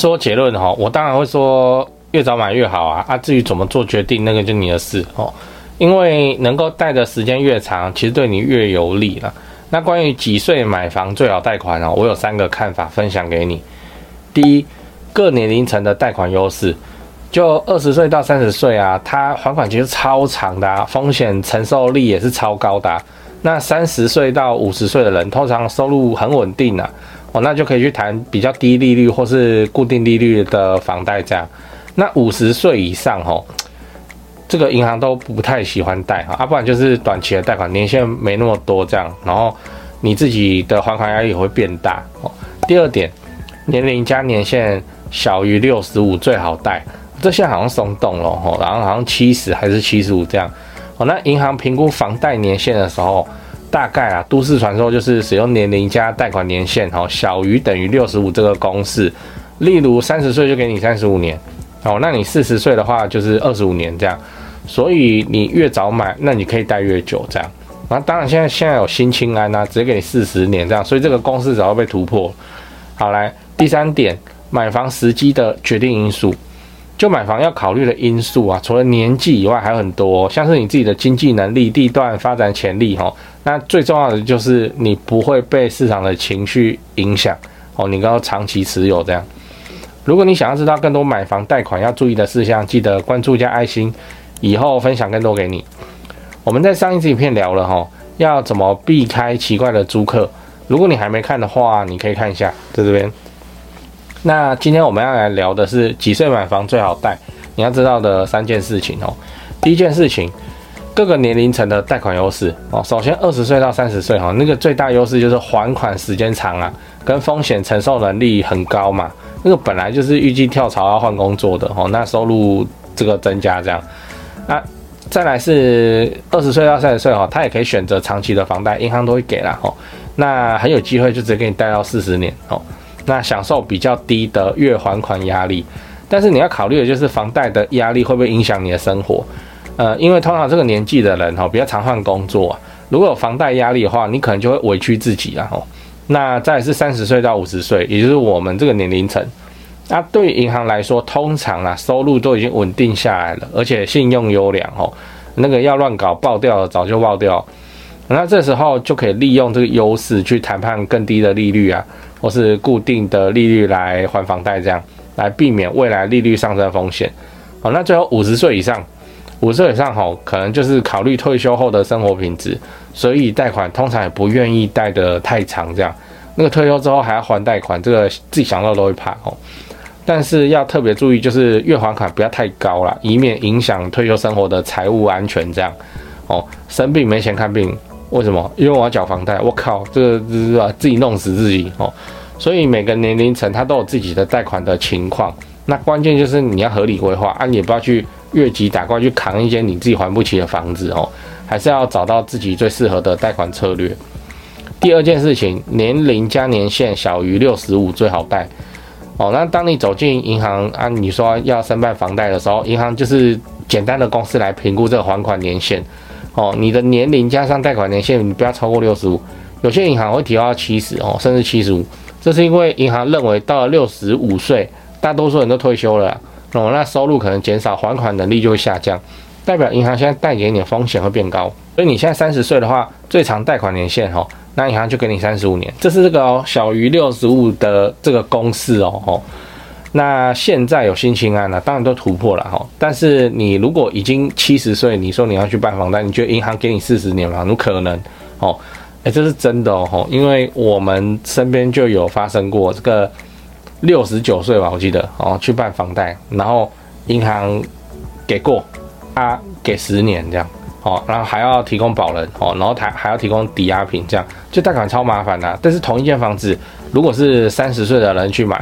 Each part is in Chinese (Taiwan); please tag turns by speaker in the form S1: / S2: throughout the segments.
S1: 說結論哈，我當然會說越早買越好啊。啊，至於怎麼做決定，那個就你的事哦。因為能夠貸的時間越長，其實對你越有利了。那關於幾歲買房最好貸款呢？我有三個看法分享給你。第一個年齡層的貸款優勢，就二十歲到三十歲啊，他還款期是超長的啊，風險承受力也是超高的啊。那三十歲到五十歲的人，通常收入很穩定啊。哦，那就可以去談比較低利率或是固定利率的房貸，這樣。那五十歲以上，吼，這個銀行都不太喜歡貸，哈，啊，不然就是短期的貸款，年限沒那麼多，這樣。然後你自己的還款壓力也會變大，哦。第二點，年齡加年限小於六十五最好貸，這現在好像鬆動了，吼。然後好像七十還是七十五這樣，哦。那銀行評估房貸年限的時候。大概啊，都市傳說就是使用年齡加貸款年限，哈，小於等於六十五這個公式。例如三十歲就給你三十五年，哦，那你四十歲的話就是二十五年這樣。所以你越早買，那你可以貸越久這樣。然後、啊、當然現在現在有新青安啊，直接給你四十年這樣。所以這個公式早就被突破，好來，第三點，買房時機的決定因素，就買房要考慮的因素啊，除了年紀以外，還有很多、哦，像是你自己的經濟能力、地段發展潛力，哈。那最重要的就是你不會被市場的情緒影響哦，你要長期持有這樣。如果你想要知道更多買房貸款要注意的事項，記得關注一下愛心，以後分享更多給你。我們在上一次影片聊了哈，要怎麼避開奇怪的租客。如果你還沒看的話，你可以看一下在這邊。那今天我們要來聊的是幾歲買房最好貸？你要知道的三件事情哦。第一件事情。各個年齡層的貸款優勢哦，首先二十歲到三十歲哈，那個最大優勢就是還款時間長了啊，跟風險承受能力很高嘛，那個本來就是預計跳槽要換工作的哦，那收入這個增加這樣，那再來是二十歲到三十歲哈，他也可以選擇長期的房貸，銀行都會給了哦，那很有機會就直接給你貸到四十年哦，那享受比較低的月還款壓力，但是你要考慮的就是房貸的壓力會不會影響你的生活。呃，因為通常這個年紀的人吼、哦、比較常換工作、啊，如果有房貸壓力的話，你可能就會委屈自己了、啊、吼、哦。那再是三十歲到五十歲，也就是我們這個年齡層，那、啊、對於銀行來說，通常啦、啊，收入都已經穩定下來了，而且信用優良哦，那個要亂搞爆掉的早就爆掉了。那這時候就可以利用這個優勢去談判更低的利率啊，或是固定的利率來還房貸，這樣來避免未來利率上升風險。好、哦，那最後五十歲以上。五十歲以上吼，可能就是考慮退休後的生活品質，所以貸款通常也不願意貸得太長這樣。那個退休之後還要還貸款，這個自己想到都會怕哦。但是要特別注意，就是月還款不要太高了，以免影響退休生活的財務安全這樣。哦，生病沒錢看病，為什麼？因為我要繳房貸。我靠，這個是啊，自己弄死自己哦。所以每個年齡層他都有自己的貸款的情況，那關鍵就是你要合理規劃啊，你也不要去。越級打怪去扛一間你自己還不起的房子哦，還是要找到自己最適合的貸款策略。第二件事情，年齡加年限小於六十五最好貸哦。那當你走進銀行啊，你說要申辦房貸的時候，銀行就是簡單的公式來評估這個還款年限哦。你的年齡加上貸款年限，你不要超過六十五。有些銀行會提高到七十哦，甚至七十五，這是因為銀行認為到了六十五歲，大多數人都退休了啊。哦，那收入可能減少，還款能力就會下降，代表銀行現在貸給你的風險會變高。所以你現在三十歲的話，最長貸款年限哈，那銀行就給你三十五年。這是這個、哦、小於六十五的這個公式哦，哦。那現在有新青安了、啊，當然都突破了哈、哦。但是你如果已經七十歲，你說你要去辦房貸，你覺得銀行給你四十年嗎？怎麼可能哦。誒，這是真的哦。因為我們身邊就有發生過這個。六十九歲吧，我記得哦，去辦房貸，然後銀行給過啊，給十年這樣，哦，然後還要提供保人哦，然後還還要提供抵押品，這樣就貸款超麻煩的、啊。但是同一間房子，如果是三十歲的人去買，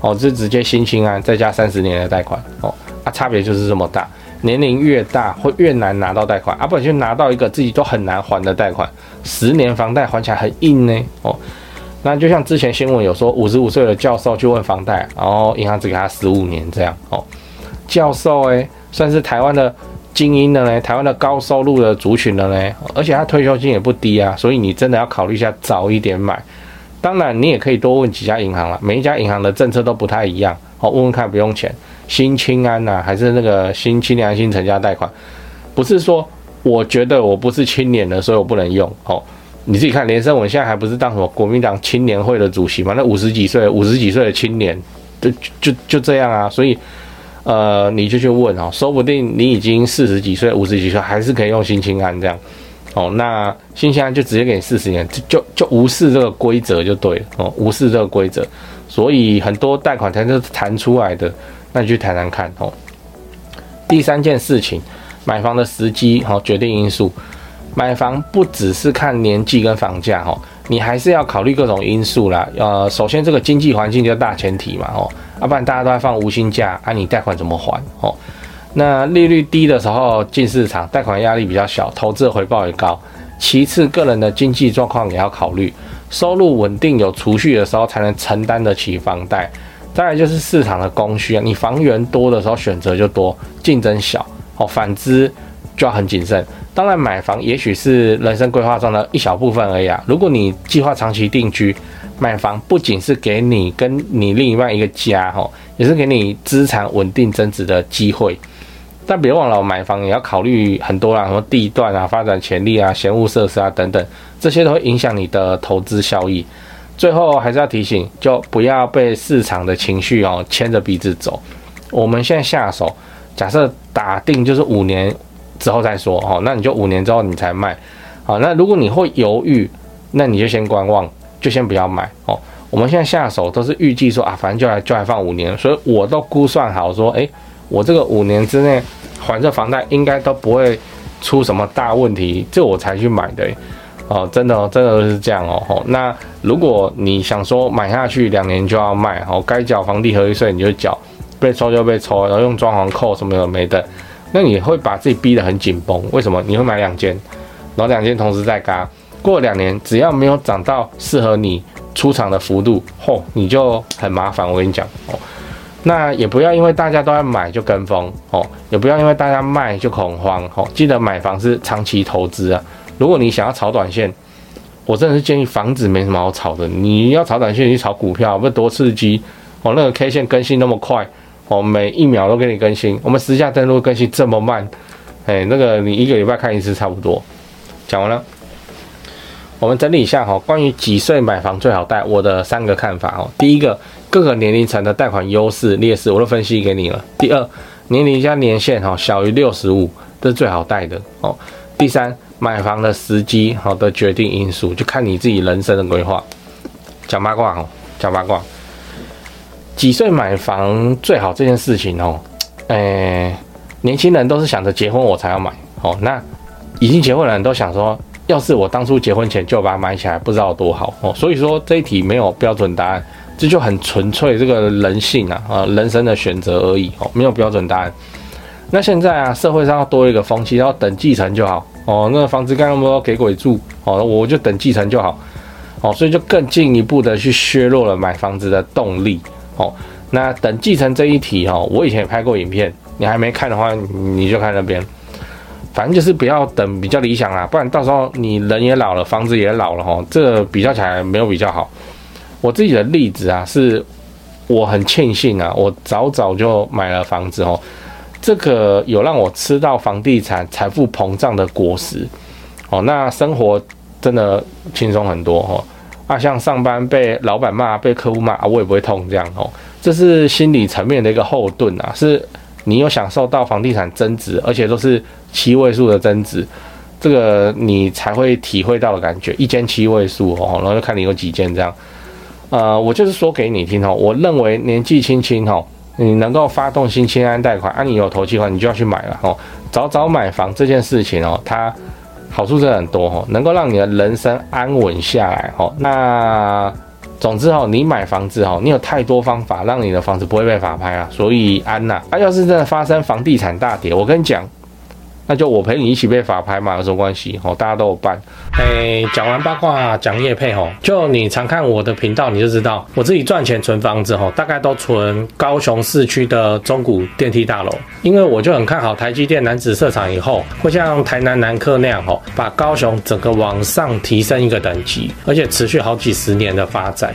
S1: 哦，就直接新青安再加三十年的貸款，哦，那、啊、差別就是這麼大。年齡越大會越難拿到貸款啊，不然就拿到一個自己都很難還的貸款，十年房貸還起來很硬呢、欸，哦。那就像之前新聞有說，五十五歲的教授去問房貸，然後銀行只給他十五年這樣哦。教授哎、欸，算是台灣的精英的呢，台灣的高收入的族群的呢，而且他退休金也不低啊，所以你真的要考慮一下早一點買。當然，你也可以多問幾家銀行了，每一家銀行的政策都不太一樣好、哦，問問看不用錢。新青安吶、啊，還是那個新青良新成家貸款，不是說我覺得我不是青年的，所以我不能用哦。你自己看，連勝文現在還不是當什麼國民黨青年會的主席嗎？那五十幾歲，五十幾歲的青年，就就就這樣啊。所以，呃，你就去問哦，說不定你已經四十幾歲、五十幾歲，還是可以用新青安這樣。哦，那新青安就直接給你四十年，就就就無視這個規則就對了哦，無視這個規則。所以很多貸款才能談出來的，那你去談談看哦。第三件事情，買房的時機和、哦、決定因素。買房不只是看年紀跟房價哦，你還是要考慮各種因素啦。呃，首先這個經濟環境就大前提嘛哦，要、啊、不然大家都在放無薪假啊，你貸款怎麼還哦？那利率低的時候進市場，貸款壓力比較小，投資回報也高。其次，個人的經濟狀況也要考慮，收入穩定有儲蓄的時候才能承擔得起房貸。再來就是市場的供需啊，你房源多的時候選擇就多，競爭小哦，反之就要很謹慎。當然，買房也許是人生規劃中的一小部分而已啊，如果你計劃長期定居，買房不僅是給你跟你另外一個家，吼，也是給你資產穩定增值的機會。但別忘了，買房也要考慮很多啊，什麼地段啊、發展潛力啊、嫌惡設施啊等等，這些都會影響你的投資效益。最後還是要提醒，就不要被市場的情緒哦牽着鼻子走。我們現在下手，假設打定就是五年。之後再說哦，那你就五年之後你才賣，好，那如果你會猶豫，那你就先觀望，就先不要買哦。我們現在下手都是預計說啊，反正就還就還放五年，所以我都估算好說，誒、欸，我這個五年之內還這房貸應該都不會出什麼大問題，這我才去買的、欸，哦，真的、哦，真的是這樣哦，哦。那如果你想說買下去兩年就要賣，哦，該繳房地合一稅你就繳，被抽就被抽，然後用裝潢扣什麼，什麼的沒的。那你會把自己逼得很緊繃，為什麼？你會買兩間，然後兩間同時在軋，過了兩年只要沒有漲到適合你出場的幅度吼、哦、你就很麻煩。我跟你講哦，那也不要因為大家都在買就跟風哦，也不要因為大家賣就恐慌哦。記得買房是長期投資啊，如果你想要炒短線，我真的是建議房子沒什麼好炒的，你要炒短線你去炒股票，不是多刺激哦？那個 K 線更新那麼快。我、哦、每一秒都給你更新，我們私下登錄更新這麼慢，哎，那個你一個禮拜看一次差不多。講完了，我們整理一下哈，關於幾歲買房最好貸，我的三個看法哦。第一個，各個年齡層的貸款優勢劣勢我都分析給你了。第二，年齡加年限哈，小於六十五這是最好貸的哦。第三，買房的時機哈的決定因素就看你自己人生的規劃。講八卦好，講八卦。幾歲買房最好這件事情哦，誒、欸，年輕人都是想着結婚我才要買哦。那已經結婚的人都想說，要是我當初結婚前就把它買起來，不知道有多好哦。所以說這一題沒有標準答案，這就，就很純粹這個人性啊，啊、呃，人生的選擇而已哦，沒有標準答案。那現在啊，社會上要多一個風氣，要等繼承就好哦。那個、房子蓋那麼多給鬼住哦，我就等繼承就好哦，所以就更進一步的去削弱了買房子的動力。哦，那等繼承這一題哦，我以前也拍過影片，你還沒看的話，你就看那邊。反正就是不要等，比較理想啦，不然到時候你人也老了，房子也老了哈、哦，這個比較起來沒有比較好。我自己的例子啊，是我很慶幸啊，我早早就買了房子哦，這個有讓我吃到房地產財富膨脹的果實哦，那生活真的輕鬆很多哦。啊，像上班被老闆罵、被客戶罵啊，我也不會痛這樣哦。這是心理層面的一個後盾啊，是你有享受到房地產增值，而且都是七位數的增值，這個你才會體會到的感覺，一間七位數哦，然後就看你有幾間這樣。呃，我就是說給你聽哦，我認為年紀輕輕哦，你能夠發動新青安貸款，啊，你有頭期的話，你就要去買了哦。早早買房這件事情哦，它。好處真的很多哦，能夠讓你的人生安穩下來哦。那總之哦，你買房子哦，你有太多方法讓你的房子不會被法拍啊。所以安啦，啊，它要是真的發生房地產大跌，我跟你講。那就我陪你一起被法拍嘛，有什麼關係？哦，大家都有伴。哎，講、hey, 完八卦，講業配哦。就你常看我的頻道，你就知道我自己賺錢存房子哦，大概都存高雄市區的中古電梯大樓，因為我就很看好台積電楠梓設廠以後，會像台南南科那樣哦，把高雄整個往上提升一個等級，而且持續好幾十年的發展。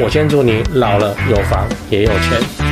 S1: 我先祝你老了有房也有錢。